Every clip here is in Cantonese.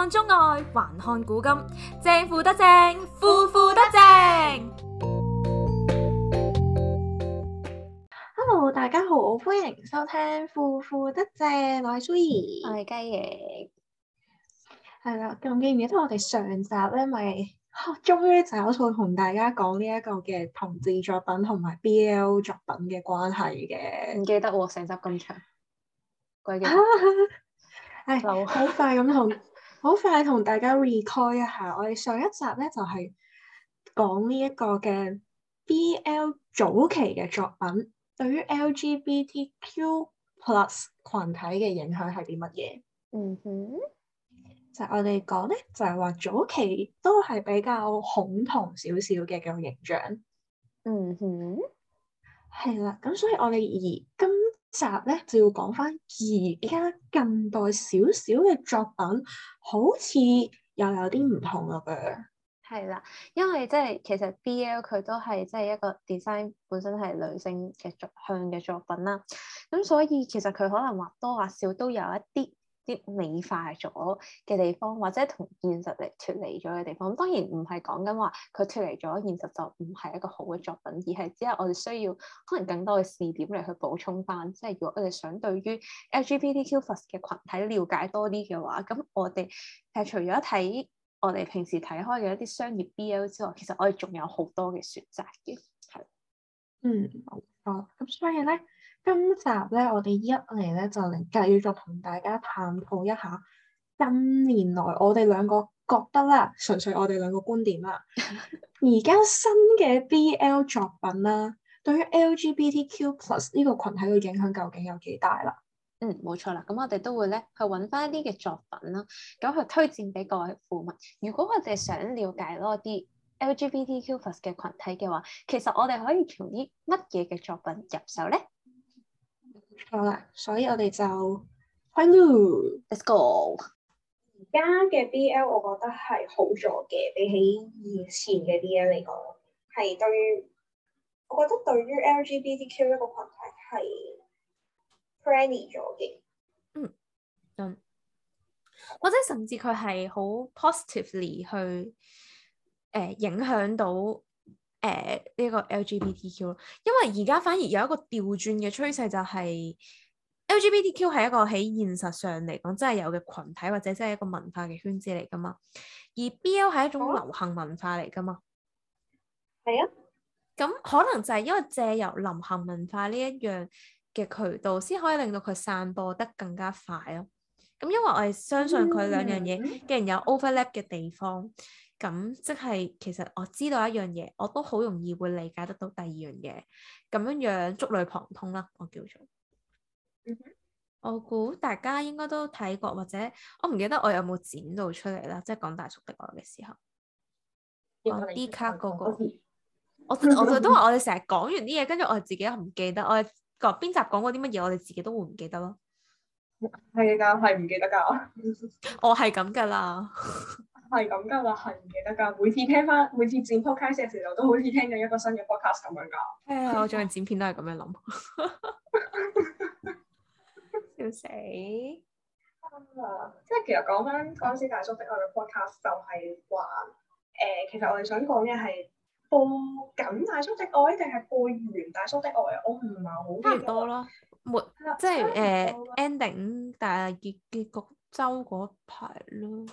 看中外，還看古今。正腐得正，腐腐得正。Hello，大家好，歡迎收聽腐腐得正。我係蘇兒，我係雞翼。係啦，咁記唔記得我哋上集咧，咪終於找數同大家講呢一個嘅同志作品同埋 BL 作品嘅關係嘅？唔記得喎，成集咁長。鬼記，哎，好快咁同。好快同大家 recall 一下，我哋上一集咧就係講呢一個嘅 BL 早期嘅作品對於 LGBTQ plus 群體嘅影響係啲乜嘢？嗯哼，就我哋講咧就係話早期都係比較恐同少少嘅咁形象。嗯哼，係啦，咁所以我哋而今集咧就要講翻而家近代少少嘅作品，好似又有啲唔同啦噉。係啦，因為即係其實 BL 佢都係即係一個 design 本身係女性嘅作向嘅作品啦，咁所以其實佢可能或多或少都有一啲啲美化咗嘅地方，或者同現實嚟脫離咗嘅地方，咁當然唔係講緊話佢脫離咗現實就唔係一個好嘅作品，而係只係我哋需要可能更多嘅視點嚟去補充翻。即係如果我哋想對於 LGBTQ+ 嘅群體了解多啲嘅話，咁我哋其實除咗睇我哋平時睇開嘅一啲商業 BL 之外，其實我哋仲有好多嘅選擇嘅。係，嗯，好，咁、哦、所以咧。今集咧，我哋一嚟咧，就嚟繼續同大家探討一下。近年來，我哋兩個覺得啦，純粹我哋兩個觀點啦。而家新嘅 B L 作品啦，對於 L G B T Q Plus 呢個群體嘅影響究竟有幾大啦？嗯，冇錯啦。咁我哋都會咧去揾翻一啲嘅作品啦，咁去推薦俾各位腐民。如果我哋想了解多啲 L G B T Q Plus 嘅群體嘅話，其實我哋可以從啲乜嘢嘅作品入手咧？好啦，所以我哋就開，開路，let's go。而家嘅 BL，我覺得係好咗嘅，比起以前嘅 BL 嚟講，係對於，我覺得對於 LGBTQ 一個群體係 friendly 咗嘅。嗯，嗯，或者甚至佢係好 positively 去誒、呃、影響到。誒，呢、呃這個 LGBTQ 因為而家反而有一個調轉嘅趨勢，就係 LGBTQ 係一個喺現實上嚟講真係有嘅群體，或者真係一個文化嘅圈子嚟噶嘛。而 BL 係一種流行文化嚟噶嘛，係啊的。咁可能就係因為借由流行文化呢一樣嘅渠道，先可以令到佢散播得更加快咯、哦。咁因為我係相信佢兩樣嘢既然有 overlap 嘅地方。咁即係，其實我知道一樣嘢，我都好容易會理解得到第二樣嘢，咁樣樣觸類旁通啦，我叫做。Mm hmm. 我估大家應該都睇過，或者我唔記得我有冇剪到出嚟啦。即係講大叔的愛嘅時候，啲卡嗰個，我我就都話我哋成日講完啲嘢，跟住 我哋自己都唔記得，我哋邊集講過啲乜嘢，我哋自己都會唔記得咯。係噶， 係唔記得噶， 我係咁噶啦。 係咁噶，係唔記得噶。每次聽翻，每次剪 podcast 嘅時候，都好似聽緊一個新嘅 podcast 咁樣噶。係啊，我最近剪片都係咁樣諗。笑死！啊，即係其實講翻嗰陣時，大叔的愛嘅 podcast 就係話，誒，其實我哋想講嘅係播緊大叔的愛，定係播完大叔的愛？我唔係好記得多咯。沒，即係誒 ending，但係結結局周嗰排咯。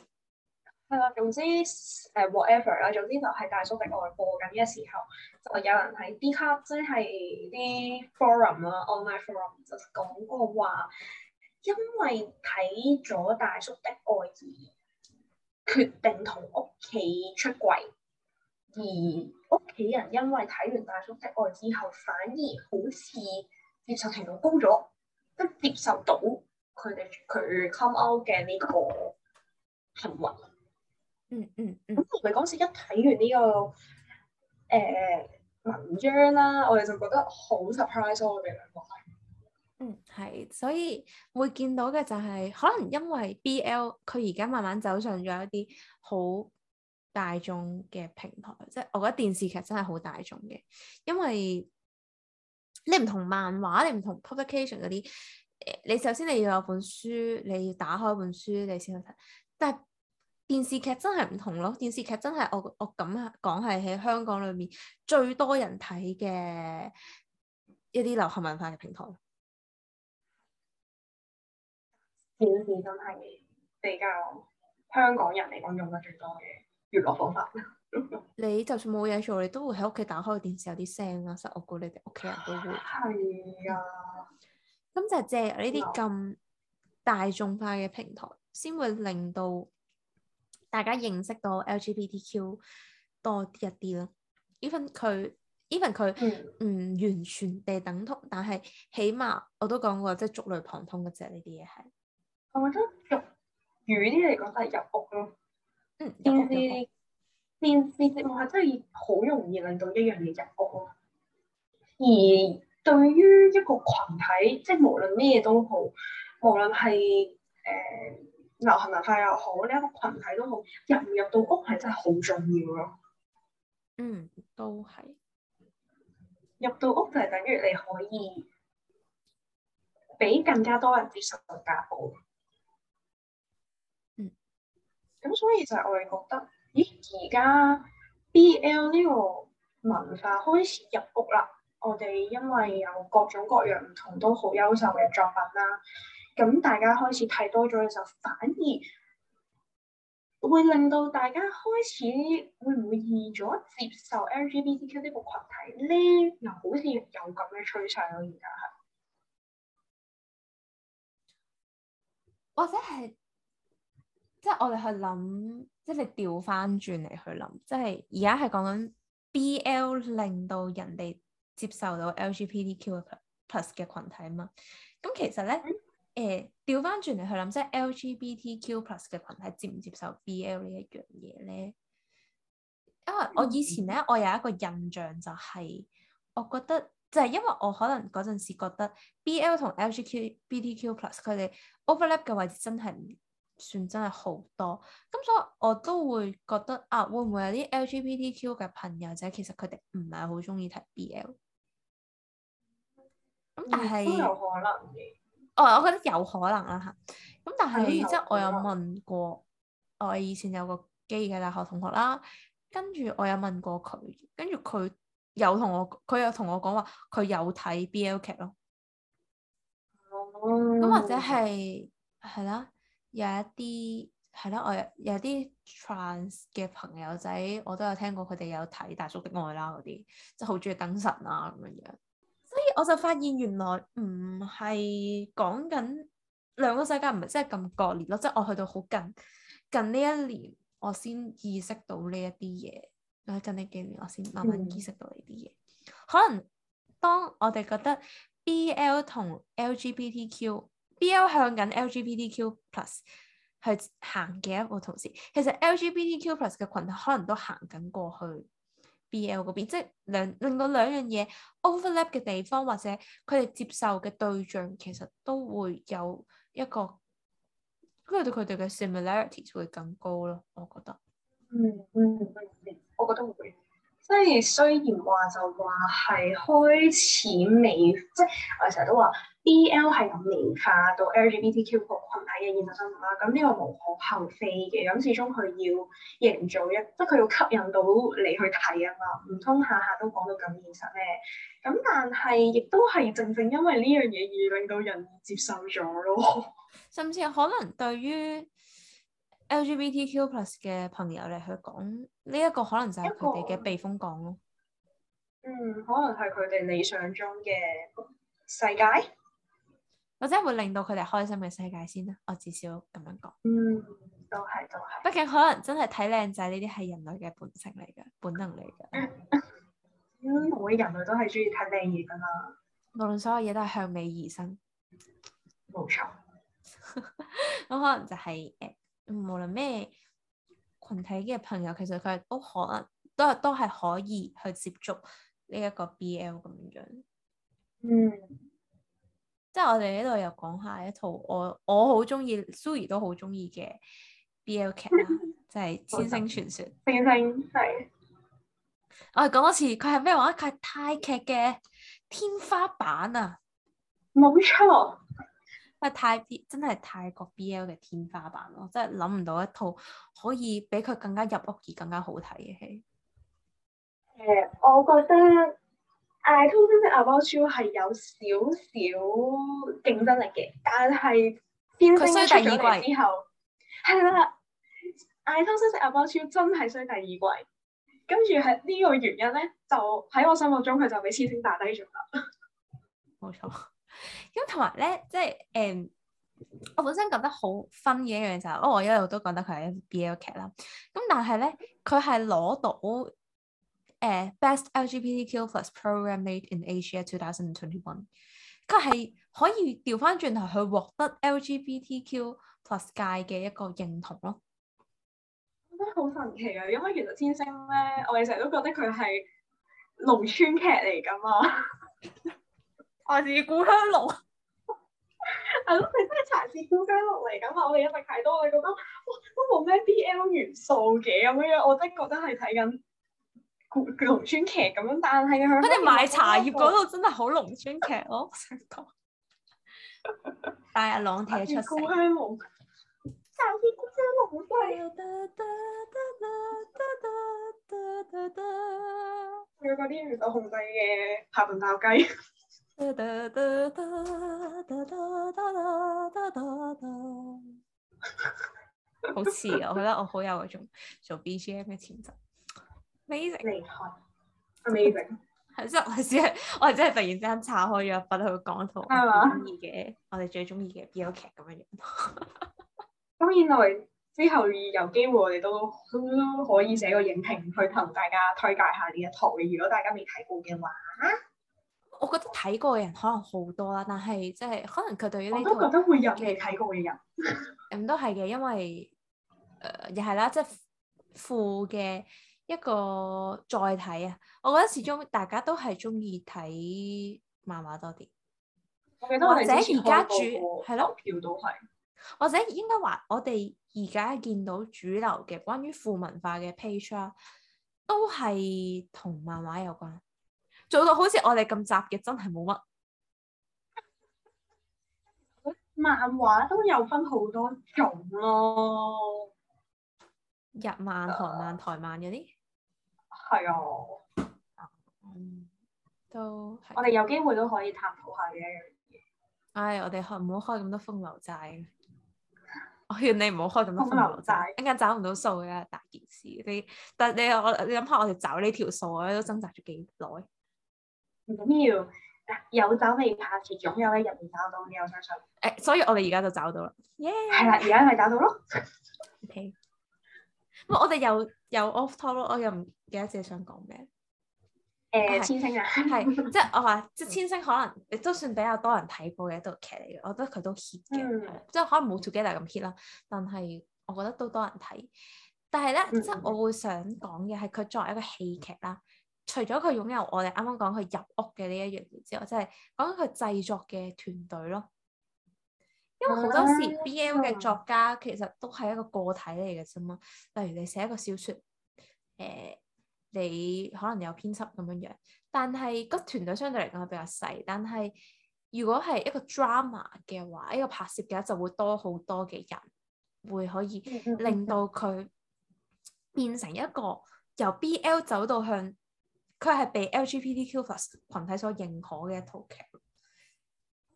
係啊，總之誒、uh, whatever 啦，總之就係大叔的愛播緊嘅時候，就有人喺 Dcard，即係啲 forum 啦，online forum 就講過話，因為睇咗大叔的愛而決定同屋企出櫃，而屋企人因為睇完大叔的愛之後，反而好似接受程度高咗，即接受到佢哋佢 come out 嘅呢個行為。嗯嗯嗯，咁我哋嗰時一睇完呢個誒文章啦，我哋就覺得好 surprise 咯，我哋兩個係，嗯係、 嗯，所以會見到嘅就係可能因為 BL 佢而家慢慢走上咗一啲好大眾嘅平台，即係我覺得電視劇真係好大眾嘅，因為你唔同漫畫，你唔同 publication 嗰啲，你首先你要有本書，你要打開本書你先去睇，但係。電視劇真係唔同咯，電視劇真係我我咁講係喺香港裏面最多人睇嘅一啲流行文化嘅平台。電視真係比較香港人嚟講用得最多嘅娛樂方法。 你就算冇嘢做，你都會喺屋企打開電視有啲聲啦，所以我估你哋屋企人都會。係啊的。咁就係借呢啲咁大眾化嘅平台，先會令到。大家認識到 LGBTQ 多一啲咯，even 佢，even 佢唔完全地等同，嗯、但係起碼我都講過，即、就、係、是、觸類旁通嘅只呢啲嘢係。我覺得俗語啲嚟講真係入屋咯。嗯，電視是、電視節目真係好容易令到一樣嘢入屋咯。嗯、而對於一個群體，即係無論咩嘢都好，無論係誒。呃流行文化又好，呢一個群體都好，入唔入到屋係真係好重要咯。嗯，都係入到屋就係等於你可以俾更加多人接受大部。嗯，咁所以就係我哋覺得，咦，而家 BL 呢個文化開始入屋啦。我哋因為有各種各樣唔同都好優秀嘅作品啦。咁大家開始睇多咗嘅時候，反而會令到大家開始會唔會易咗接受 LGBTQ 呢個群體呢？呢又好似有咁嘅趨勢咯，而家係，或者係即係我哋去諗，即係你調翻轉嚟去諗，即係而家係講緊 BL 令到人哋接受到 LGBTQ 嘅 plus 嘅群體嘛？咁其實咧。嗯誒調翻轉嚟去諗，即係 LGBTQ plus 嘅群體接唔接受 BL 呢一樣嘢咧？因為我以前咧，我有一個印象就係、是，我覺得就係、是、因為我可能嗰陣時覺得 BL 同 LGBTQ plus 佢哋 overlap 嘅位置真係唔算真係好多，咁所以我都會覺得啊，會唔會有啲 LGBTQ 嘅朋友仔其實佢哋唔係好中意睇 BL？咁但係可能我、oh，我覺得有可能啦嚇，咁但係即係我有問過我以前有個基嘅大學同學啦，跟住我有問過佢，跟住佢有同我佢有同我講話，佢有睇 BL 劇咯。咁、嗯、或者係係啦，有一啲係啦，我有有啲 trans 嘅朋友仔，我都有聽過佢哋有睇大叔的愛啦嗰啲，即係好鍾意等神啊咁樣。我就發現原來唔係講緊兩個世界，唔係真係咁割裂咯，即、就、係、是、我去到好近近呢一年，我先意識到呢一啲嘢。喺近呢幾年，我先慢慢意識到呢啲嘢。嗯、可能當我哋覺得 B L 同 L G B T Q B L 向緊 L G B T Q plus 去行嘅一個同時，其實 L G B T Q plus 嘅群體可能都行緊過去 B L 嗰邊，即係兩令到兩樣嘢 overlap 嘅地方，或者佢哋接受嘅對象，其實都會有一個，跟住對佢哋嘅 similarities 會更高咯，我覺得。嗯嗯，我覺得會。即係雖然話就話係開始未，即係我成日都話 BL 係咁美化到 LGBTQ 個群體嘅現實生活啦。咁呢個無可厚非嘅，咁始終佢要營造一，即係佢要吸引到你去睇啊嘛。唔通下下都講到咁現實咩？咁但係亦都係正正因為呢樣嘢而令到人接受咗咯。甚至可能對於。LGBTQ+ 嘅朋友嚟去講呢一個可能就係佢哋嘅避風港咯。嗯，可能係佢哋理想中嘅世界，或者會令到佢哋開心嘅世界先啦。我至少咁樣講。嗯，都係都係。畢竟可能真係睇靚仔呢啲係人類嘅本性嚟嘅。本能嚟噶、嗯。每人類都係中意睇靚嘢噶嘛？無論所有嘢都係向美而生。冇錯。咁 可能就係、係、誒。呃無論咩群體嘅朋友，其實佢係都可能都係都係可以去接觸呢一個 BL 咁樣。嗯，mm. 即係我哋呢度又講下一套我我好中意，Suri 都好中意嘅 BL 劇，啊，就係、是《千星傳說》。千星係。我哋講多次，佢係咩話？佢係泰劇嘅天花板啊！冇錯。太真係泰國 BL 嘅天花板咯，真係諗唔到一套可以比佢更加入屋而更加好睇嘅戲。誒、呃，我覺得《艾通先生阿波超》係有少少競爭力嘅，但係佢衰第二季之後，係啦，《艾通先生阿波超》真係衰第二季，跟住係呢個原因咧，就喺我心目中佢就畀《天星》打低咗啦。冇錯。咁同埋咧，即係誒、嗯，我本身覺得好分嘅一樣就，我我一路都覺得佢係 B L 劇啦。咁但係咧，佢係攞到誒 Best L G B T Q Plus Programme Made in Asia Two Thousand Twenty One，佢係可以調翻轉頭去獲得 L G B T Q Plus 界嘅一個認同咯。我覺得好神奇啊！因為其實天星咧，我哋成日都覺得佢係農村劇嚟噶嘛。 茶是故鄉濃，係咯，你真係茶是故鄉濃嚟㗎嘛。我哋一直睇到我哋覺得，哇，都冇咩 B L 元素嘅咁樣，我真覺得係睇緊古農村劇咁樣。但係佢哋買茶葉嗰度真係好農村劇咯。但阿朗睇出故戲。茶是故鄉濃。茶是故鄉濃。有嗰啲唔受控制嘅下盤炒雞。好似啊，我覺得我好有嗰種做 BGM 嘅潛質，Amazing，厲害，Amazing 係真係，我真係，我係真係突然之間拆開咗，一筆去講套，係嘛，中意嘅，我哋最中意嘅 B o 劇咁樣樣。咁未來之後有機會我哋都可以寫個影評去同大家推介下呢一套，如果大家未睇過嘅話。我覺得睇過嘅人可能好多啦，但係即係可能佢對於呢個，我都覺得會有嘅睇過嘅人，咁、 嗯、都係嘅，因為誒又係啦，即係腐嘅一個載體啊。我覺得始終大家都係中意睇漫畫多啲。我得我或者而家主係咯，票都係，或者應該話我哋而家見到主流嘅關於腐文化嘅 page 啊，都係同漫畫有關。做到好似我哋咁雜嘅真係冇乜，漫畫都有分好多種咯，日漫、韓漫、台漫嗰啲，係啊，哦嗯、都我哋有機會都可以探討下嘅一樣嘢。唉、哎，我哋開唔好開咁多風流債，流我勸你唔好開咁多風流債，一陣間找唔到數嘅大件事。你但你，你我你諗下，我哋找呢條數，我都掙扎咗幾耐。唔緊要，有找未怕？下期咁有一日未找到，你又想想。誒、欸，所以我哋而家就找到啦。耶、yeah!！係啦，而家咪找到咯。O.K.，唔係我哋又又 off top 咯，我又唔記得自己想講咩。誒、欸，是千星人、啊、係，即係、就是、我話即係千星可能亦都算比較多人睇過嘅一套劇嚟嘅，我覺得佢都 hit 嘅，即係、嗯就是、可能冇 Together 咁 hit 啦，但係我覺得都多人睇。但係咧，即係、嗯、我會想講嘅係佢作為一個戲劇啦。除咗佢擁有我哋啱啱講佢入屋嘅呢一樣之外，即係講佢製作嘅團隊咯。因為好多時 BL 嘅作家其實都係一個個體嚟嘅啫嘛。例如你寫一個小説，誒、呃，你可能你有編輯咁樣樣，但係個團隊相對嚟講係比較細。但係如果係一個 drama 嘅話，一個拍攝嘅話就會多好多嘅人，會可以令到佢變成一個由 BL 走到向。佢係被 LGBTQ+ 群體所認可嘅一套劇。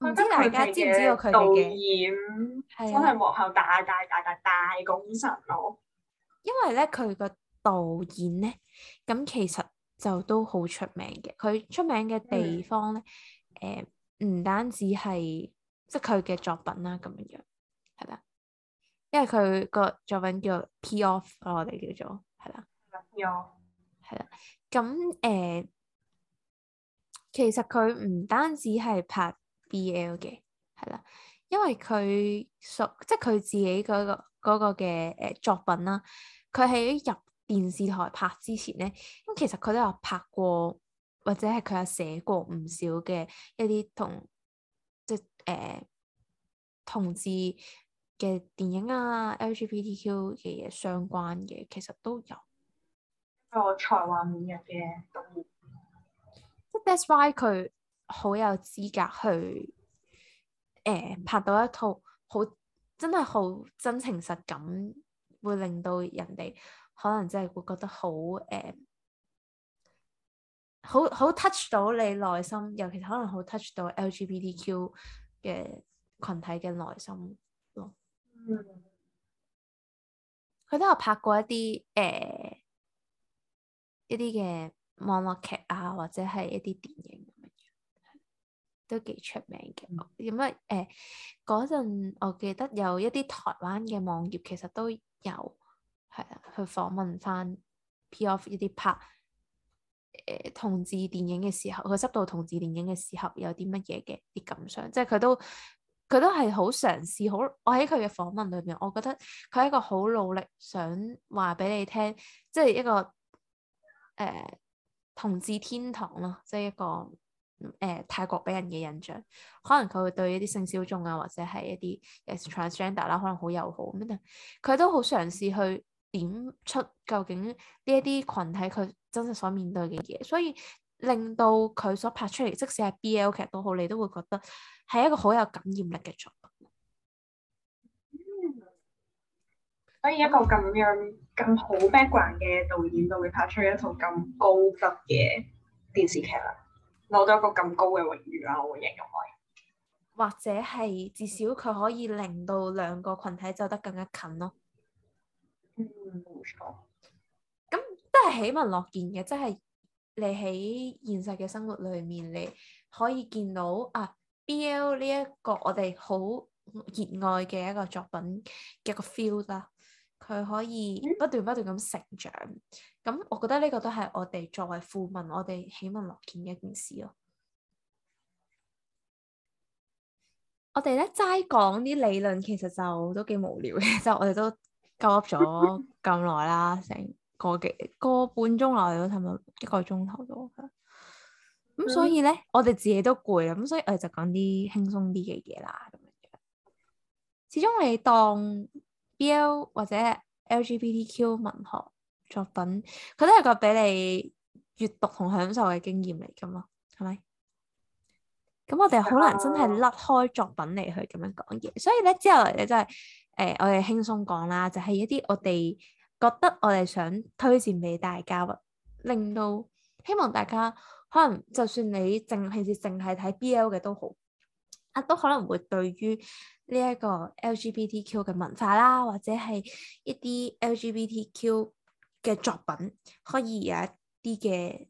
唔知大家知唔知道佢嘅導演、嗯、真係幕後大大大大大，大功臣咯。因為咧，佢個導演咧，咁其實就都好出名嘅。佢出名嘅地方咧，誒唔、嗯呃、單止係即係佢嘅作品啦咁樣，係啦。因為佢個作品叫做 P Off 咯，我哋叫做係啦。P Off 係啦，咁誒、嗯，其實佢唔單止係拍 BL 嘅，係啦，因為佢屬即係佢自己嗰、個嗰、個嘅誒作品啦。佢喺入電視台拍之前咧，咁其實佢都有拍過，或者係佢有寫過唔少嘅一啲同即係誒、呃、同志嘅電影啊、LGBTQ 嘅嘢相關嘅，其實都有。個才華滿溢嘅演員，即係 That's why 佢好有資格去誒、呃、拍到一套好真係好真情實感，會令到人哋可能真係會覺得好誒好、呃、好 touch 到你內心，尤其可能好 touch 到 LGBTQ 嘅群體嘅內心咯。佢、嗯、都有拍過一啲誒。呃一啲嘅網絡劇啊，或者係一啲電影咁樣，都幾出名嘅。咁啊誒，嗰陣、嗯嗯、我記得有一啲台灣嘅網頁其實都有，係啊，去訪問翻 P of 一啲拍誒、嗯、同志電影嘅時候，佢執導同志電影嘅時候有啲乜嘢嘅啲感想，即係佢都佢都係好嘗試，好我喺佢嘅訪問裏面，我覺得佢係一個好努力想話俾你聽，即係一個。誒、uh, 同志天堂咯，即係一個誒、呃、泰國俾人嘅印象，可能佢會對一啲性小眾啊，或者係一啲 transgender 啦、啊，可能好友好咁樣。佢都好嘗試去點出究竟呢一啲群體佢真實所面對嘅嘢，所以令到佢所拍出嚟，即使係 BL 劇都好，你都會覺得係一個好有感染力嘅作。所以一個咁樣咁好 background 嘅導演，就會拍出一套咁高質嘅電視劇啦，攞到一個咁高嘅榮譽啦，我會形容佢。或者係至少佢可以令到兩個群體走得更加近咯。嗯，冇錯。咁都係喜聞樂見嘅，即係你喺現實嘅生活裏面，你可以見到啊 BL 呢一個我哋好熱愛嘅一個作品嘅一個 feel 啦。佢可以不斷不斷咁成長，咁我覺得呢個都係我哋作為腐民，我哋喜聞樂見嘅一件事咯。 我哋咧齋講啲理論，其實就都幾無聊嘅，就 我哋都鳩噏咗咁耐啦，成個幾個半鐘落去都差唔多一個鐘頭多。咁所以咧， 我哋自己都攰啦，咁所以我哋就講啲輕鬆啲嘅嘢啦，咁樣始終你當。BL 或者 LGBTQ 文學作品，佢都係個俾你閱讀同享受嘅經驗嚟噶嘛，係咪？咁我哋好難真係甩開作品嚟去咁樣講嘢，所以咧之後嚟你真係誒，我哋輕鬆講啦，就係一啲我哋覺得我哋想推薦俾大家，令到希望大家可能就算你淨平時淨係睇 BL 嘅都好。都可能會對於呢一個 LGBTQ 嘅文化啦，或者係一啲 LGBTQ 嘅作品，可以有一啲嘅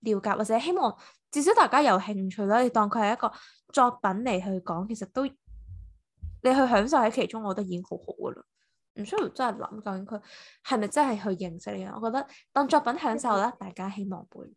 了解，或者希望至少大家有興趣啦。你當佢係一個作品嚟去講，其實都你去享受喺其中，我覺得已經好好噶啦。唔需要真係諗究竟佢係咪真係去認識你呀。我覺得當作品享受啦，大家希望會。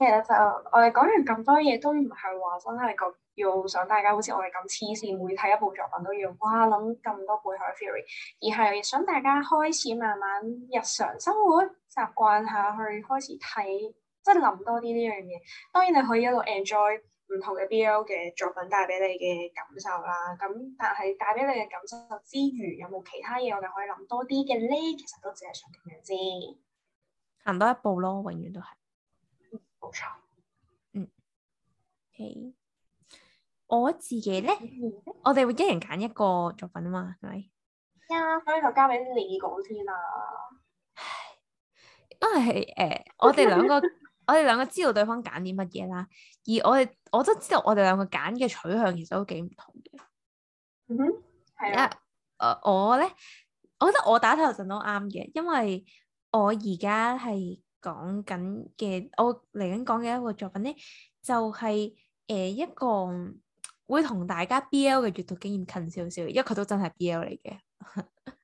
其實，yeah, uh, 我哋講完咁多嘢，都唔係話真係咁，要想大家好似我哋咁黐線，每睇一部作品都要哇，諗咁多背後嘅 theory，而係想大家開始慢慢日常生活習慣下去，開始睇即係諗多啲呢樣嘢。當然你可以一路 enjoy 唔同嘅 BL 嘅作品帶俾你嘅感受啦。咁但係帶俾你嘅感受之餘，有冇其他嘢我哋可以諗多啲嘅咧？其實都只係想咁樣知，行多一步咯，永遠都係。嗯、okay. 我自己咧， 我哋會一人揀一個作品啊嘛，係咪？啊，yeah, 所以就交俾你講先啊。都係誒，我哋兩個， 我哋兩個知道對方揀啲乜嘢啦。而我哋，我都知道我哋兩個揀嘅取向其實都幾唔同嘅。嗯哼，係啊。我咧，我覺得我打頭陣都啱嘅，因為我而家係。講緊嘅，我嚟緊講嘅一個作品咧，就係、是、誒一個會同大家 BL 嘅閱讀經驗近少少，因為佢都真係 BL 嚟嘅。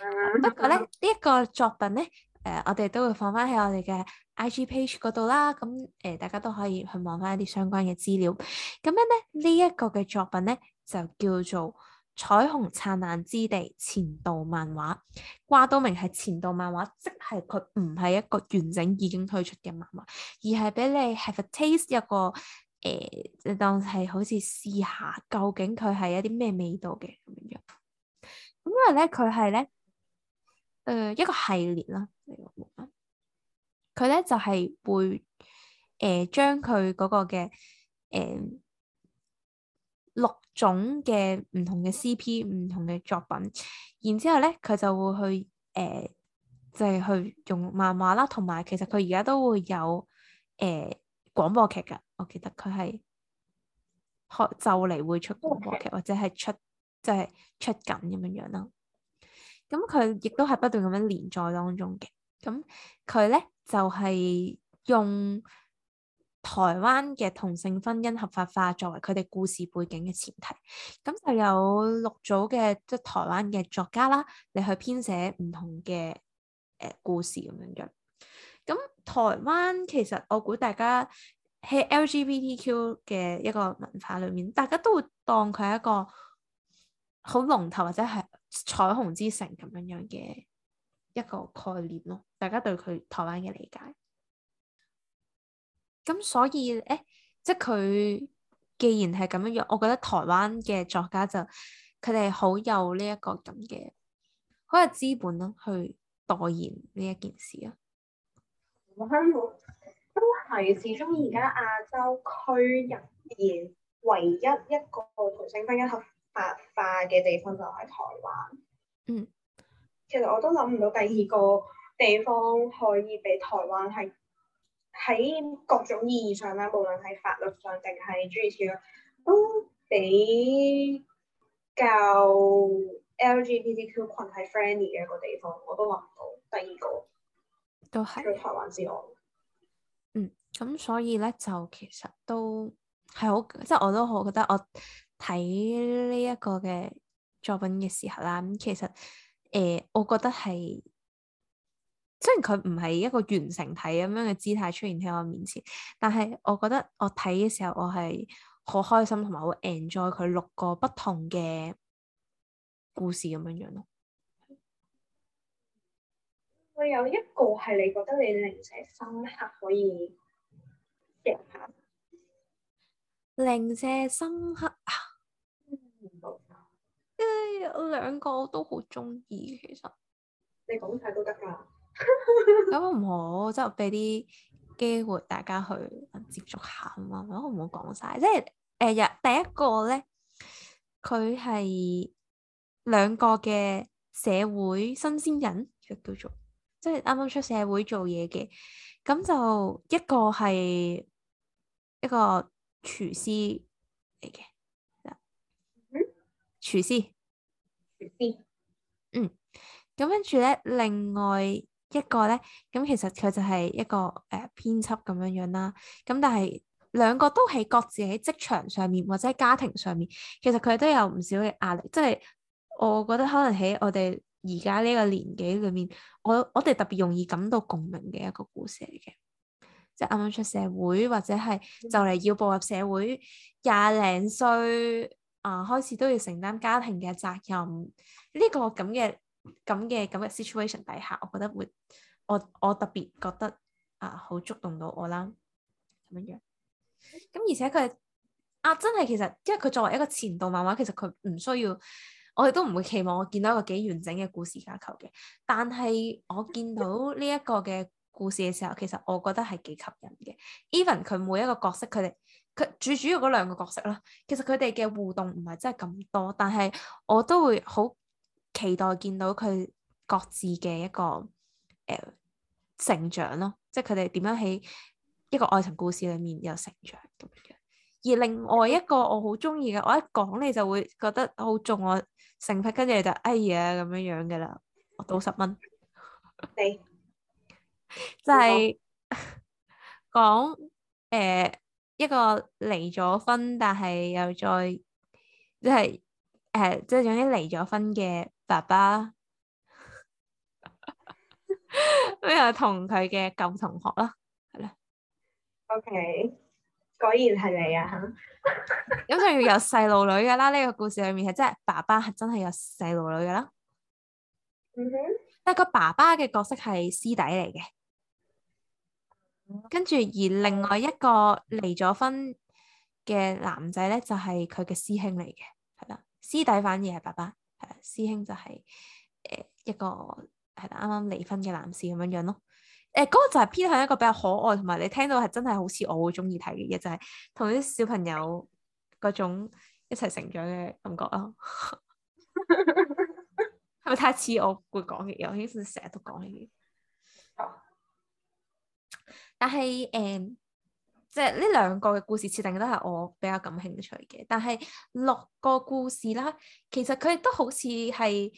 嗯、不過咧呢一、嗯、個作品咧，誒、呃、我哋都會放翻喺我哋嘅 IG page 嗰度啦，咁、嗯、誒、呃、大家都可以去望翻一啲相關嘅資料。咁樣咧呢一、這個嘅作品咧就叫做。彩虹燦爛之地前度漫畫，瓜到明係前度漫畫，即係佢唔係一個完整已經推出嘅漫畫，而係俾你 have a taste 一個誒，就、呃、當係好似試下究竟佢係一啲咩味道嘅咁樣。咁因為咧，佢係咧，誒、呃、一個系列啦，佢、這、咧、個、就係、是、會誒將佢嗰個嘅誒。呃六種嘅唔同嘅 CP，唔同嘅作品，然之後咧佢就會去誒，即、呃、係、就是、去用漫畫啦，同埋其實佢而家都會有誒、呃、廣播劇噶，我記得佢係學就嚟會出廣播劇 Okay. 或者係出即係、就是、出緊咁樣樣啦。咁佢亦都係不斷咁樣連載當中嘅。咁佢咧就係、是、用。台灣嘅同性婚姻合法化作為佢哋故事背景嘅前提，咁就有六組嘅即係台灣嘅作家啦，嚟去編寫唔同嘅誒故事咁樣嘅。咁台灣其實我估大家喺 LGBTQ 嘅一個文化裏面，大家都會當佢係一個好龍頭或者係彩虹之城咁樣樣嘅一個概念咯。大家對佢台灣嘅理解。咁所以誒、欸，即係佢既然係咁樣樣，我覺得台灣嘅作家就佢哋好有呢、這、一個咁嘅好有資本啦，去代言呢一件事啦。香港都係始終而家亞洲區入邊唯一一個同性婚姻合法化嘅地方就喺台灣。嗯，嗯其實我都諗唔到第二個地方可以比台灣係。喺各種意義上啦，無論喺法律上定係 LGBTQ，都比，比較 LGBTQ 群體 friendly 嘅一個地方，我都話唔到第二個。都係。除咗台灣之外，嗯，咁所以咧就其實都係好，即係我都好覺得我睇呢一個嘅作品嘅時候啦，咁其實誒、呃，我覺得係。雖然佢唔係一個完成體咁樣嘅姿態出現喺我面前，但係我覺得我睇嘅時候，我係好開心同埋好 enjoy 佢六個不同嘅故事咁樣樣咯。會有一個係你覺得你零舍深刻可以零舍深刻啊！哎 呀、嗯，兩、嗯嗯 yeah, 個我都好鍾意，其實你講晒都得噶。咁唔好，即係俾啲機會大家去接觸下啊嘛，咁好唔好講晒？即係，誒，入、呃、第一個咧，佢係兩個嘅社會新鮮人，叫叫做，即係啱啱出社會做嘢嘅。咁就一個係一個廚師嚟嘅，廚師，廚師，嗯。咁跟住咧，另外。一個咧，咁其實佢就係一個誒編輯咁樣樣啦。咁但係兩個都喺各自喺職場上面或者喺家庭上面，其實佢都有唔少嘅壓力。即係我覺得可能喺我哋而家呢個年紀裏面，我我哋特別容易感到共鳴嘅一個故事嚟嘅，即係啱啱出社會或者係就嚟要步入社會廿零歲啊，開始都要承擔家庭嘅責任呢個咁嘅。咁嘅咁嘅 situation 底下，我覺得會，我我特別覺得啊，好、呃、觸動到我啦，咁樣樣。咁而且佢啊，真係其實，因為佢作為一個前動漫畫，其實佢唔需要，我哋都唔會期望我見到一個幾完整嘅故事架構嘅。但係我見到呢一個嘅故事嘅時候，其實我覺得係幾吸引嘅。Even 佢每一個角色，佢哋佢最主要嗰兩個角色啦，其實佢哋嘅互動唔係真係咁多，但係我都會好。期待見到佢各自嘅一個誒、呃、成長咯，即係佢哋點樣喺一個愛情故事裏面有成長咁樣。而另外一個我好中意嘅，我一講你就會覺得好中我成癖，跟住就哎呀咁樣樣嘅啦。我賭十蚊， 你就係講誒、呃、一個離咗婚，但係又再即係誒，即係總之離咗婚嘅爸爸，都有同佢嘅舊同學啦，係啦。Okay，果然係你啊！咁就要有細路女噶啦。呢個故事裏面係真係爸爸係真係有細路女噶啦。嗯哼、mm，hmm. 但係個爸爸嘅角色係師弟嚟嘅，跟住而另外一個離咗婚嘅男仔咧，就係佢嘅師兄嚟嘅，係啦，師弟反而係爸爸。師兄就係誒一個係啦，啱啱離婚嘅男士咁樣樣咯。誒、呃，嗰、嗰個就係偏向一個比較可愛，同埋你聽到係真係好似我會中意睇嘅嘢，就係同啲小朋友嗰種一齊成長嘅感覺咯。係咪太似我會講嘅嘢？我啱成日都講呢啲。但係誒。嗯即係呢兩個嘅故事設定都係我比較感興趣嘅，但係六個故事啦，其實佢哋都好似係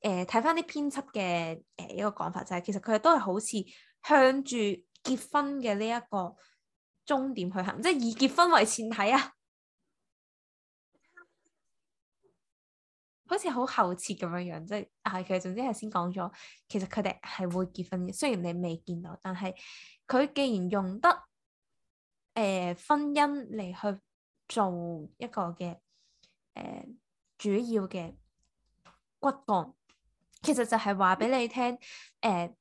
誒睇返啲編輯嘅誒一個講法，就係、是、其實佢哋都係好似向住結婚嘅呢一個終點去行，即係以結婚為前提啊， 好似好後設咁樣樣，即係係其實總之係先講咗，其實佢哋係會結婚嘅，雖然你未見到，但係佢既然用得。誒、呃、婚姻嚟去做一個嘅誒、呃、主要嘅骨幹，其實就係話俾你聽，誒、呃、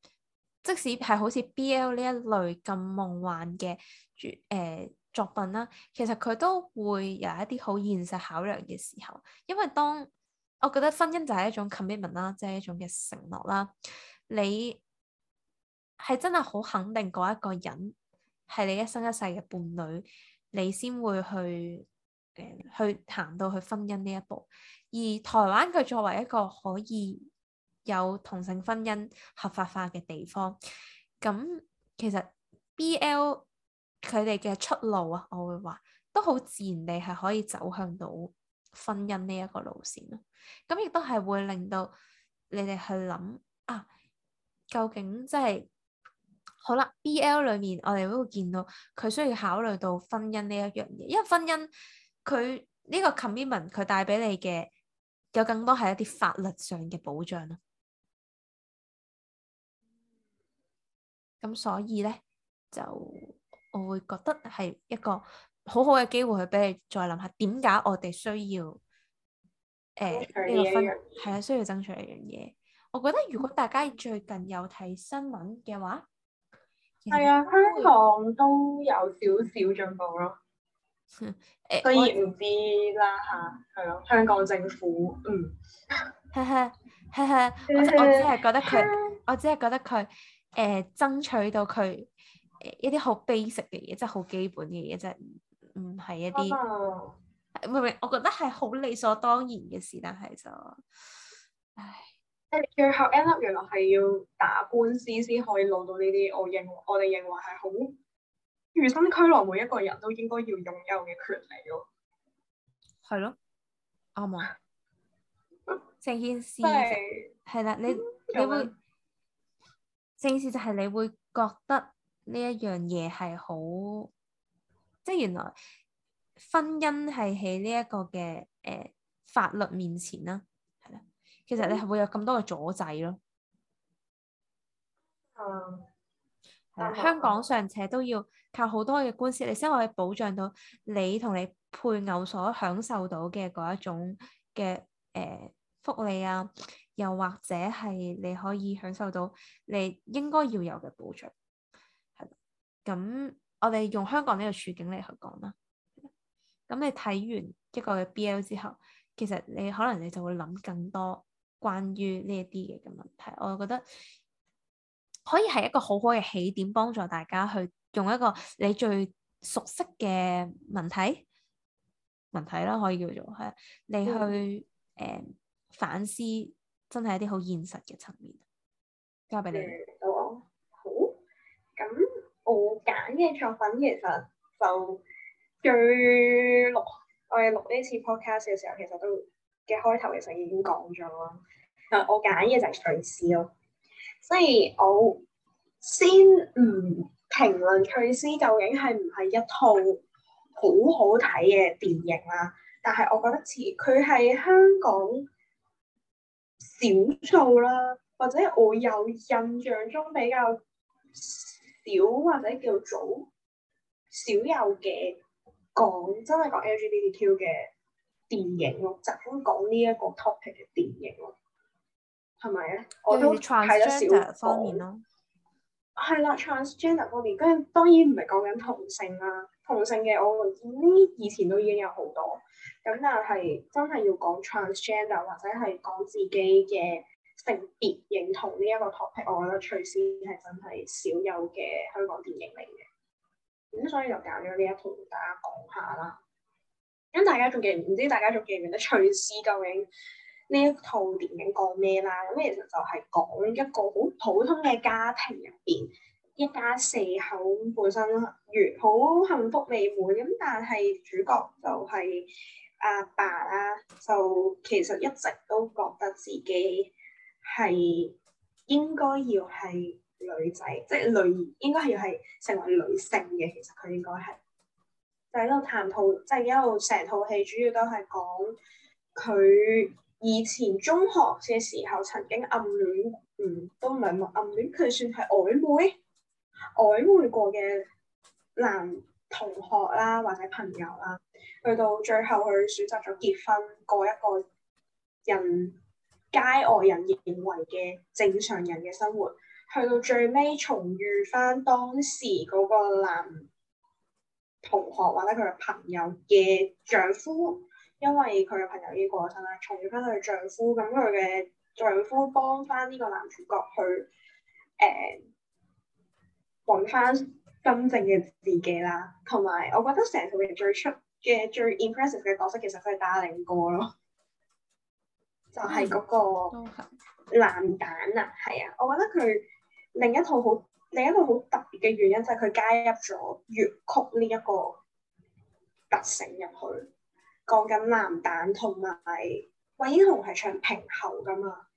即使係好似 BL 呢一類咁夢幻嘅誒、呃、作品啦，其實佢都會有一啲好現實考量嘅時候，因為當我覺得婚姻就係一種 commitment 啦，即、就、係、是、一種嘅承諾啦，你係真係好肯定嗰一個人。係你一生一世嘅伴侶，你先會去誒、呃、去行到去婚姻呢一步。而台灣佢作為一個可以有同性婚姻合法化嘅地方，咁其實 BL 佢哋嘅出路啊，我會話都好自然地係可以走向到婚姻呢一個路線咯。咁亦都係會令到你哋去諗啊，究竟即係。好啦，B.L. 裏面我哋都會見到佢需要考慮到婚姻呢一樣嘢，因為婚姻佢呢、這個 commitment 佢帶俾你嘅有更多係一啲法律上嘅保障咯。咁所以咧就我會覺得係一個好好嘅機會去俾你再諗下，點解我哋需要誒呢、呃、個婚係啊，需要爭取一樣嘢。我覺得如果大家最近有睇新聞嘅話，係啊，香港都有少少進步咯，雖然唔知啦吓，係咯、嗯，啊、香港政府，嗯，哈哈，哈哈，我我只係覺得佢，我只係覺得佢，誒、 呃，爭取到佢一啲好 basic 嘅嘢，即係好基本嘅嘢，即係唔係一啲，唔唔、uh oh.，我覺得係好理所當然嘅事，但係就，唉。即係最後 end up 原來係要打官司先可以攞到呢啲，我認我哋認為係好與生俱來每一個人都應該要擁有嘅權利咯。係咯的，啱啊，成件事係啦 是，你你會成件事就係你會覺得呢一樣嘢係好，即係原來婚姻係喺呢一個嘅誒、呃、法律面前啦。其實你係會有咁多嘅阻滯咯。啊、嗯，香港尚且都要靠好多嘅官司嚟，先可以保障到你同你配偶所享受到嘅嗰一種嘅誒、呃、福利啊，又或者係你可以享受到你應該要有嘅保障係。咁我哋用香港呢個處境嚟去講啦。咁你睇完一個嘅 BL 之後，其實你可能你就會諗更多。關於呢一啲嘅咁問題，我覺得可以係一個好好嘅起點，幫助大家去用一個你最熟悉嘅問題問題啦，可以叫做係你去誒、嗯嗯、反思，真係一啲好現實嘅層面。交俾你、嗯好。好，咁我揀嘅作品其實就最我錄我哋錄呢次 Podcast 嘅時候，其實都。嘅開頭其實已經講咗啦，啊，我揀嘅就係《翠絲》咯，所以我先唔評論《翠絲》究竟係唔係一套好好睇嘅電影啦。但係我覺得似佢係香港少數啦，或者我有印象中比較少或者叫做少有嘅講真係講 LGBTQ 嘅電影咯，就咁講呢一個 topic 嘅電影咯，係咪咧？我都係有少方面咯。係啦，transgender 方面，跟住當然唔係講緊同性啦，同性嘅我見呢，以前都已經有好多。咁但係真係要講 transgender 或者係講自己嘅性別認同呢一個 topic，我覺得隨時係真係少有嘅香港電影嚟嘅。咁所以就揀咗呢一套大家講下啦。咁大家仲記唔知大家仲記唔記得《翠絲》究竟呢一套電影講咩啦？咁其實就係講一個好普通嘅家庭入邊，一家四口本身越好幸福美滿，咁但係主角就係阿爸啦，就其實一直都覺得自己係應該要係女仔，即係女兒應該要係成為女性嘅，其實佢應該係。喺度談套，即係一路成套戲，就是、主要都係講佢以前中學嘅時候曾經暗戀，嗯，都唔係暗暗戀，佢算係曖昧曖昧過嘅男同學啦，或者朋友啦。去到最後，佢選擇咗結婚，過一個人街外人認為嘅正常人嘅生活。去到最尾，重遇返當時嗰個男同學或者佢嘅朋友嘅丈夫，因為佢嘅朋友已經過咗身啦，重遇翻佢丈夫，咁佢嘅丈夫幫翻呢個男主角去誒揾翻真正嘅自己啦。同埋我覺得成套劇最出嘅最，最 impressive 嘅角色其實佢係 Darling 哥咯，就係、是、嗰個爛蛋啊，係啊，我覺得佢另一套好。另一個好特別嘅原因就係佢加入咗粵曲呢一個特性入去，講緊男旦同埋韋英雄係唱平喉㗎嘛，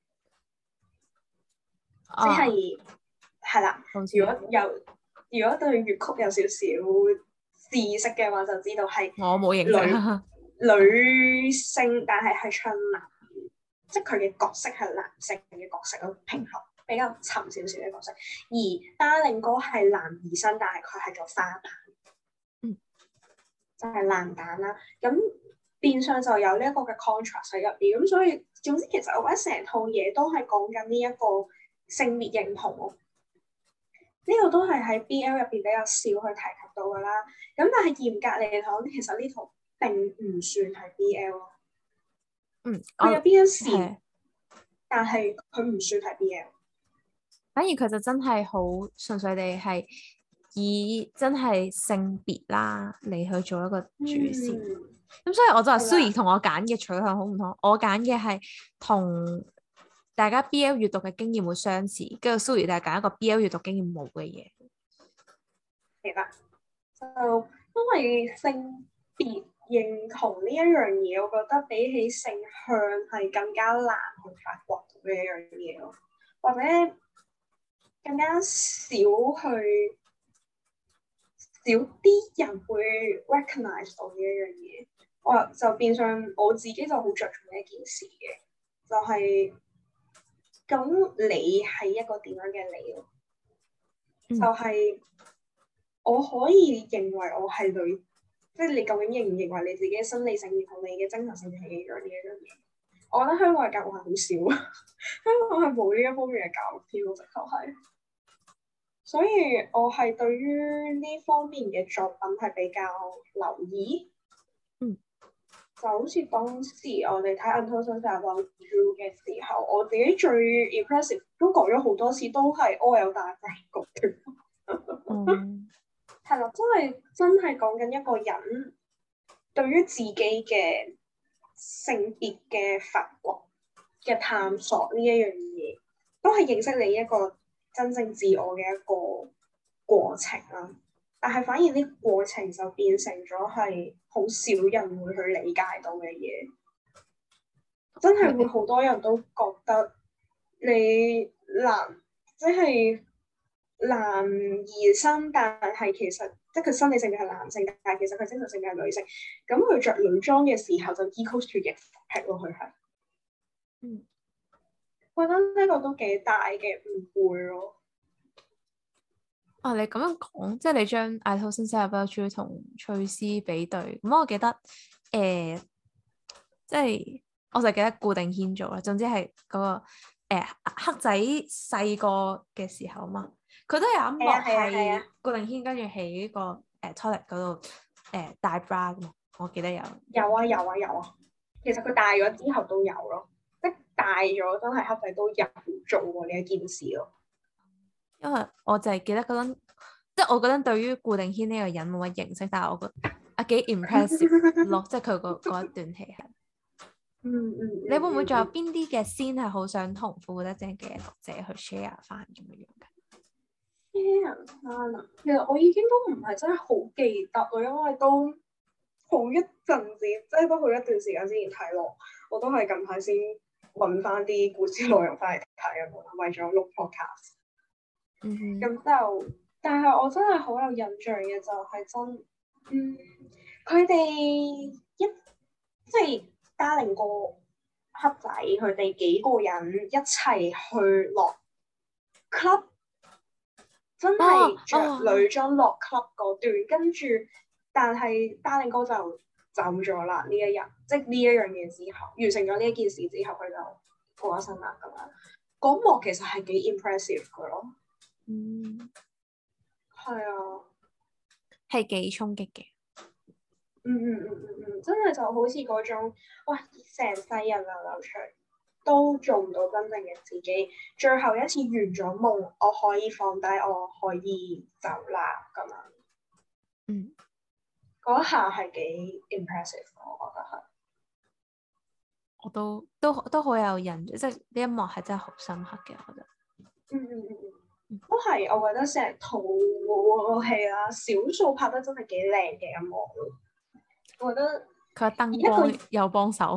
即係係啦。就是嗯、如果有如果對粵曲有少少知識嘅話，就知道係、哦、我冇認女女性，但係係唱男，即係佢嘅角色係男性嘅角色咯，平喉。比較沉少少嘅角色，而打鈴哥係男兒身，但係佢係做花旦，嗯，就係爛蛋啦。咁變相就有呢一個嘅 contrast 喺入邊，咁所以總之其實我覺得成套嘢都係講緊呢一個性別認同。呢個都係喺 BL 入邊比較少去提及到噶啦。咁但係嚴格嚟講，其實呢套並唔算係 BL。嗯，佢有邊一件但係佢唔算係 BL。反而佢就真係好純粹地係以真係性別啦嚟，去做一個主線，咁、嗯嗯、所以我就話 Sue 同我揀嘅取向好唔同，的我揀嘅係同大家 BL 閱讀嘅經驗會相似，跟住 Sue 就係揀一個 BL 閱讀經驗冇嘅嘢。其實就因為性別認同呢一樣嘢，我覺得比起性向係更加難去發掘嘅一樣嘢咯，或者。更加少去，少啲人會 recognize 到呢一樣嘢，mm. 我就變相我自己就好着重嘅一件事嘅，就係、是、咁你係一個點樣嘅你、mm. 就係我可以認為我係女，即、就、係、是、你究竟認唔認為你自己嘅心理性嘅同你嘅精神性係一樣嘢咧？Okay. 我覺得香港嘅教育係好少啊，香港係冇呢一方面嘅教育，的確係。所以我係對於呢方面嘅作品係比較留意，嗯，就好似當時我哋睇《Untitled Love》嘅時候，我自己最 impressive 都講咗好多次，都係 All 大格局嘅，係啦，真係真係講緊一個人對於自己嘅性別嘅發掘、嘅探索呢一樣嘢，都係認識你一個真正自我嘅一個過程啦，但係反而呢個過程就變成咗係好少人會去理解到嘅嘢，真係會好多人都覺得你男即係男兒生，但係其實即係佢生理性別係男性，但係其實佢精神性別係女性，咁佢着女裝嘅時候就 echo to the p i t 係嗯。我覺得呢個都幾大嘅誤會咯。啊，你咁樣講，即係你將《艾兔先生》嘅 Billie 同翠絲比對。咁、嗯、我記得，誒、呃，即係我就記得顧定軒做啦。總之係嗰、那個、呃、黑仔細個嘅時候啊嘛，佢都有一幕係顧定軒跟住喺個誒、呃、toilet 嗰度誒、呃、戴 bra 噶嘛。我記得有。有啊有啊有啊，其實佢大咗之後都有咯。大咗真係黑仔都入做喎呢一件事咯，因為我就係記得嗰陣，即係我覺得對於顧定軒呢個人，冇乜認識，但係我覺得啊幾 impressive 咯，即係佢嗰一段戲係。嗯嗯。你會唔會仲有邊啲嘅先係好想同腐腐得正嘅讀者去 share 翻咁嘅樣嘅。share 翻啊！其實我已經都唔係真係好記得啦，因為都好一陣子，即係都好一段時間先至睇落，我都係近排先。揾翻啲故事內容翻嚟睇啊！嗯、哼為咗錄 podcast，咁、嗯、哼就，但係我真係好有印象嘅就係真，嗯，佢哋一即係打鈴哥黑仔，佢哋幾個人一齊去落 club，真係着女裝落 club 嗰段，跟住、啊啊，但係打鈴哥就。走咗啦！呢一日，即呢一樣嘢之後，完成咗呢一件事之後，佢就過咗身啦咁樣。嗰幕其實係幾 impressive 嘅咯。嗯嗯。嗯，係啊，係幾衝擊嘅。嗯嗯嗯嗯嗯，真係就好似嗰種，哇！成世人流流長都做唔到真正嘅自己，最後一次完咗夢，我可以放低，我可以走啦咁樣。嗯。嗰下係幾 impressive，我覺得係，我都都都好有人。即係呢一幕係真係好深刻嘅。嗯嗯嗯嗯，都係，我覺得成套戲啦，少數拍得真係幾靚嘅一幕我覺得佢燈光有幫手，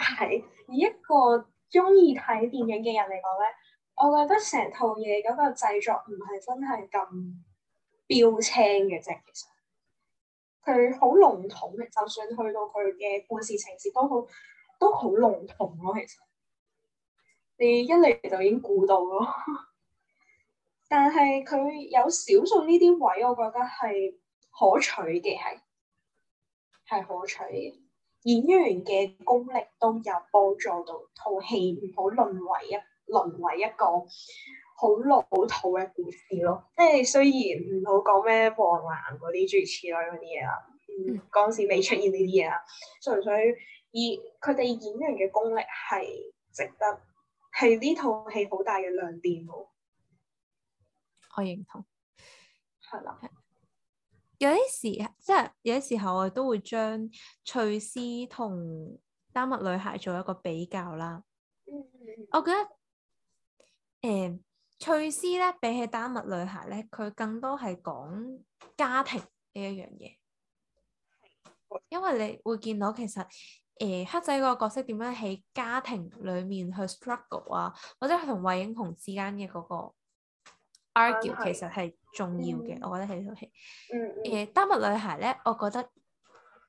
係以一個中意睇電影嘅人嚟講咧，我覺得成套嘢嗰個製作唔係真係咁標青嘅啫，其實。佢好籠統嘅，就算去到佢嘅故事情節都好，都好籠統咯。其實你一嚟就已經估到咯。 但係佢有少數呢啲位，我覺得係可取嘅，係係可取嘅。演員嘅功力都有幫助到套戲唔好淪為一淪為一個。好老土嘅故事咯，即係雖然唔好講咩黃藍嗰啲，諸如此類嗰啲嘢啦，嗰時未出現呢啲嘢啦，純、嗯、粹以佢哋演員嘅功力係值得，係呢套戲好大嘅亮點。我認同，係啦。有啲時即係有啲時候，時候我都會將《翠絲》同《丹麥女孩》做一個比較啦。嗯，我覺得，誒、嗯。翠絲咧，比起《丹麥女孩》咧，佢更多係講家庭呢一樣嘢，因為你會見到其實誒、呃、黑仔個角色點樣喺家庭裏面去 struggle 啊，或者佢同惠英紅之間嘅嗰個 argue 是其實係重要嘅，我覺得喺套戲。嗯。誒，《丹麥女孩》咧，我覺得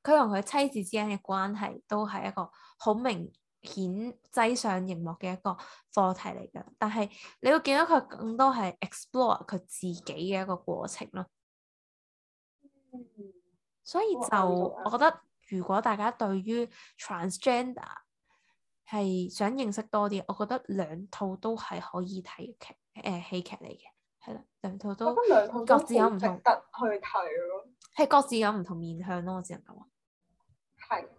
佢同佢妻子之間嘅關係都係一個好明。片擠上熒幕嘅一個課題嚟嘅，但係你會見到佢更多係 explore 佢自己嘅一個過程咯。嗯，所以就我覺得，如果大家對於 transgender 係想認識多啲，我覺得兩套都係可以睇劇誒，戲劇嚟嘅係啦，兩套都，兩套都各自有唔同，得去睇咯，係各自有唔同面向咯，我只能咁話，係。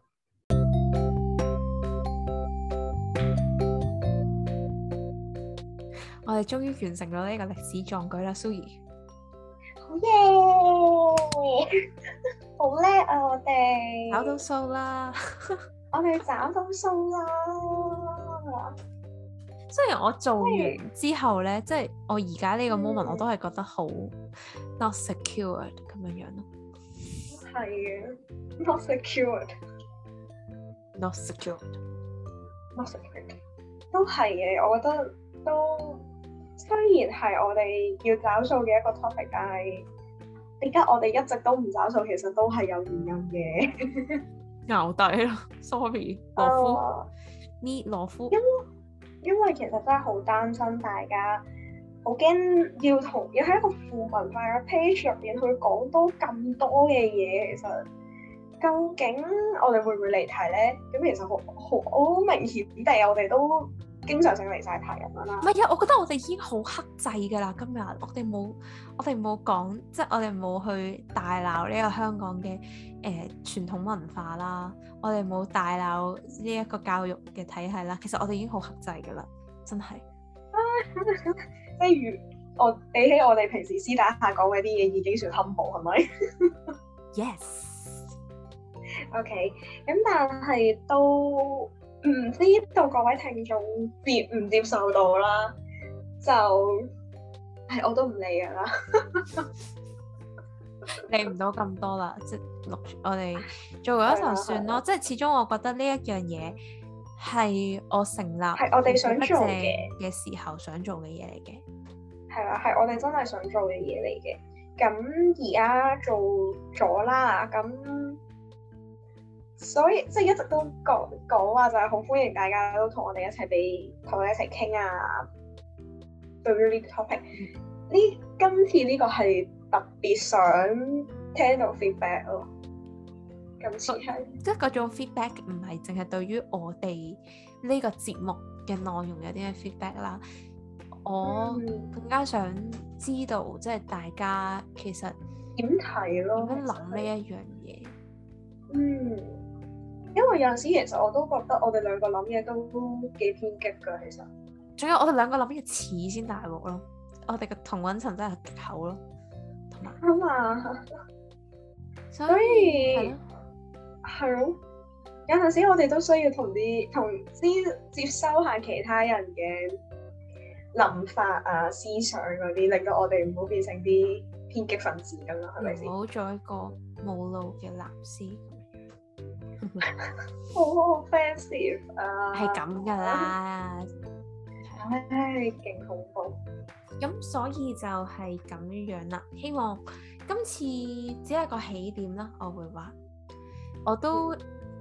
我哋終於完成咗呢個歷史壯舉啦，Sue！好耶很棒！好叻啊， 我哋！搞到數啦，我哋搞到數啦。我哋搞到數啦。雖然我做完之後咧，即係是我而家呢個 moment，我都係覺得好 not secure 咁樣樣咯。係嘅，not secure，not secure，not secure 都係嘅，我覺得都。雖然係我哋要找數嘅一個 topic，但係點解我哋一直都唔找數，其實都係有原因嘅。牛 底，咯，sorry，羅夫，咪羅夫。因因為其實真係好擔心大家，我驚要同要喺一個腐文化嘅 page 入面去講多咁多嘅嘢，其實究竟我哋會唔會離題咧？咁其實好好明顯，但係我哋都，經常性離晒題咁樣啦。唔係啊，我覺得我哋已經好克制㗎啦。今日我哋冇，我哋冇講，即係我哋冇、就是、去大鬧呢一個香港嘅誒、呃、傳統文化啦。我哋冇大鬧呢一個教育嘅體系啦。其實我哋已經好克制㗎啦，真係。例 如，我比起我哋平時私底下講嗰啲嘢已經算堪好，係咪 ？Yes。OK，咁但係都。唔知道各位聽眾接唔接受到啦，就係我都唔理噶啦，理 唔 到咁多啦，即係我哋做咗就算咯。 啊、即係始終我覺得呢一樣嘢係我成立，係我哋想做嘅嘅時候想做嘅嘢嚟嘅，係啦、 啊，係我哋真係想做嘅嘢嚟嘅。咁而家做咗啦，咁。所以即係、就是、一直都講講話就係好歡迎大家都同我哋一齊俾同我哋一齊傾啊。對於呢個 topic，呢今次呢個係特別想聽到 feedback 咯、哦。今次係即係嗰種 feedback 唔係淨係對於我哋呢個節目嘅內容有啲咩 feedback 啦。我更加想知道即係、就是、大家其實點睇咯？點諗呢一樣嘢？嗯。因為有陣時，其實我都覺得我哋兩個諗嘢都幾偏激噶其實，仲有我哋兩個諗嘢似先大鑊咯。我哋嘅同溫層真係極厚咯，同埋，嗎所以係咯 吧，有陣時我哋都需要同啲同先接收下其他人嘅諗法啊、思想嗰啲，令到我哋唔好變成啲偏激分子咁咯，係咪先？唔好再個無腦嘅藍絲。好，好 fancy 啊！係咁噶啦，唉，勁恐怖。咁所以就係咁樣樣啦。希望今次只係個起點啦。我會話，我都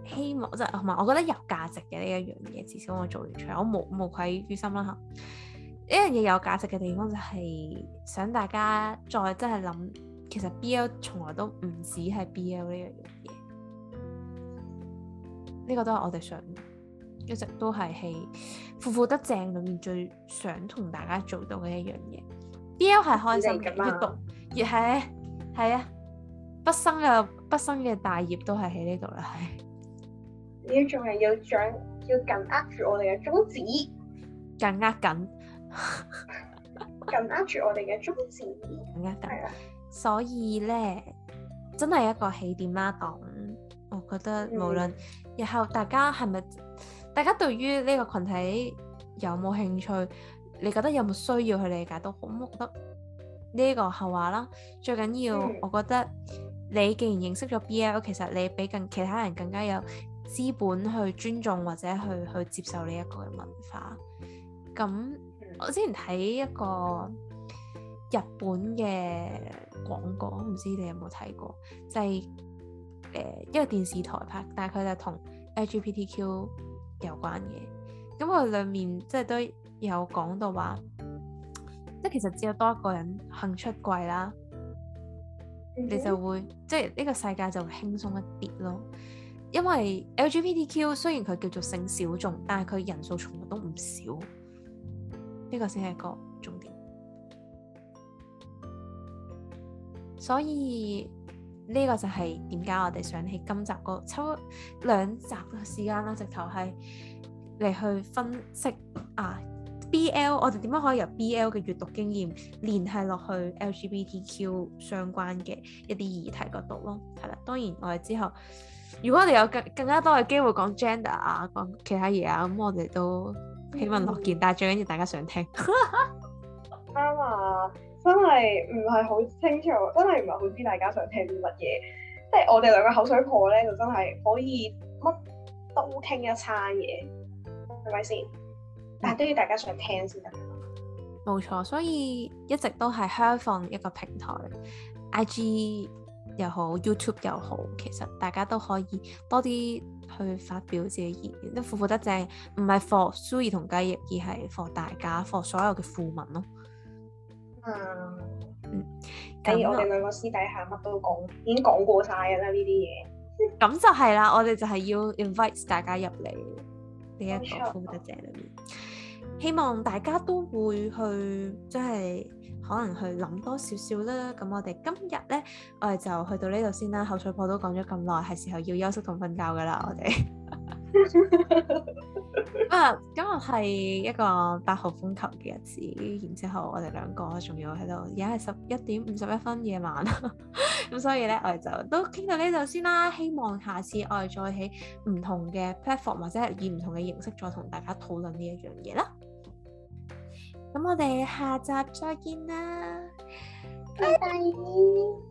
希望即係同埋，嗯、我覺得有價值嘅呢一樣嘢，至少我做完除我冇冇愧於心啦吓。呢樣嘢有價值嘅地方就係想大家再真係諗，其實 BL 從來都唔止係 BL 呢樣嘢。呢個都係我哋想一直都係喺腐腐得正裏面最想同大家做到嘅一樣嘢。B L 係開心嘅嘛，亦係係啊，畢、啊、生嘅畢生嘅大業都係喺呢度啦。你仲係要掌要緊握住我哋嘅宗旨，緊握緊， 緊握住我哋嘅宗旨。緊握緊。的所以咧，真係一個起點啦，黨。我覺得無論日後大家係咪大家對於呢個群體有冇興趣，你覺得有冇需要去理解都好。我覺得呢個後話啦，最緊要我覺得你既然認識咗 BL，其實你比更其他人更加有資本去尊重或者去去接受呢一個嘅文化。咁我之前睇一個日本嘅廣告，唔知你有冇睇過？就係。誒，一個電視台拍，但係佢就同 LGBTQ 有關嘅，咁佢裏面即係都有講到話，即係其實只有多一個人行出櫃啦，嗯、哼你就會即係呢個世界就會輕鬆一啲咯。因為 LGBTQ 雖然佢叫做性小眾，但係佢人數從來都唔少，呢、呢個先係個重點。所以。呢個就係點解我哋想喺今集嗰抽兩集嘅時間啦，直頭係嚟去分析啊 BL，我哋點樣可以由 BL 嘅閱讀經驗連係落去 LGBTQ 相關嘅一啲議題嗰度咯。係啦，當然我哋之後如果我哋有更更加多嘅機會講 gender 啊，講其他嘢啊，咁我哋都喜聞樂見。嗯、但係最緊要大家想聽。 啊真係唔係好清楚，真係唔係好知大家想聽啲乜嘢。即係我哋兩個口水婆咧，就真係可以乜都傾一餐嘢，係咪先？但係都要大家想聽先得。冇錯，所以一直都係開放一個平台，IG 又好，YouTube 又好，其實大家都可以多啲去發表自己意見，都腐腐得正，唔係 for 蘇兒同雞翼，而係 for 大家，for 所有嘅腐民咯。啊，嗯，咁我哋兩個私底下乜都講，已經講過晒啦呢啲嘢，咁 就係啦，我哋就係要 invite 大家入嚟呢一個腐腐得正裏面， 棒希望大家都會去，即係可能去諗多少少啦。咁我哋今日咧，我哋就去到呢度先啦，口水婆都講咗咁耐，係時候要休息同瞓覺噶啦，我哋。 啊、 嗯，今日係一個八號風球嘅日子，然之後我哋兩個仲要喺度，而家係十一點五十一分夜晚，咁、 嗯、所以咧我哋就都傾到呢度先啦。希望下次我哋再喺唔同嘅 platform 或者係以唔同嘅形式再同大家討論呢一樣嘢啦。咁我哋下集再見啦，拜拜。